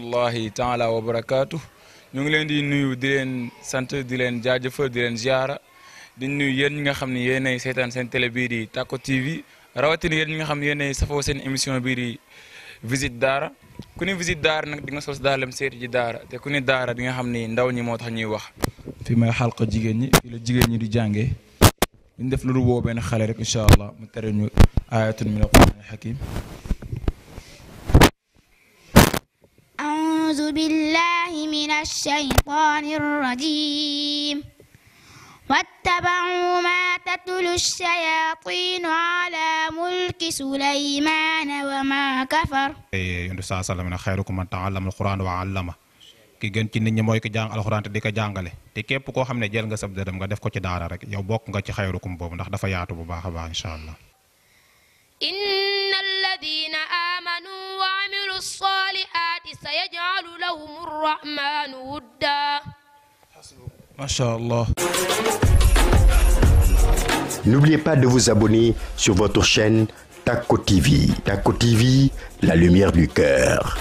rahmatullahi taala wa barakaatu ñu ngi leen di nuyu di leen sant di leen jaajëfal di leen ziara di nuyu yéen ñi nga xam ne yéenay seetaan seen télé bii takko Tacko TV rawatina yéen ñi nga xam ne yéenay safoo seen émission bii di visite daara ku ni visite daara nag di nga sos daalem seeti ji daara te ku ni daara di nga xam ni ndaw ñi moo tax ñuy wax. fi may xalqa jigéen ñi fi la jigéen ñi di jàngee ñu def lu boobee benn xale rek incha allah mu tere ñu ayatun min أعوذ بالله من الشيطان الرجيم واتبعوا ما تتلو الشياطين على ملك سليمان وما كفر yonent saa sallam ne xayrukum man ta'allama al-Qur'aan wa 'allama ki gën ci nit ñi mooy ki jàng alxuraan te di ko jàngale te képp koo xam ne jël nga sab dërëm nga def ko ci daara rek yow bokk nga ci xayrukum boobu ndax dafa yaatu bu baax a baax incha allah إن الذين آمنوا وعملوا الصالحات سيجعل lahum arrahmanu wudda Masha Allah N'oubliez pas de vous abonner sur votre chaîne Tacko TV. Tacko TV, la lumière du cœur.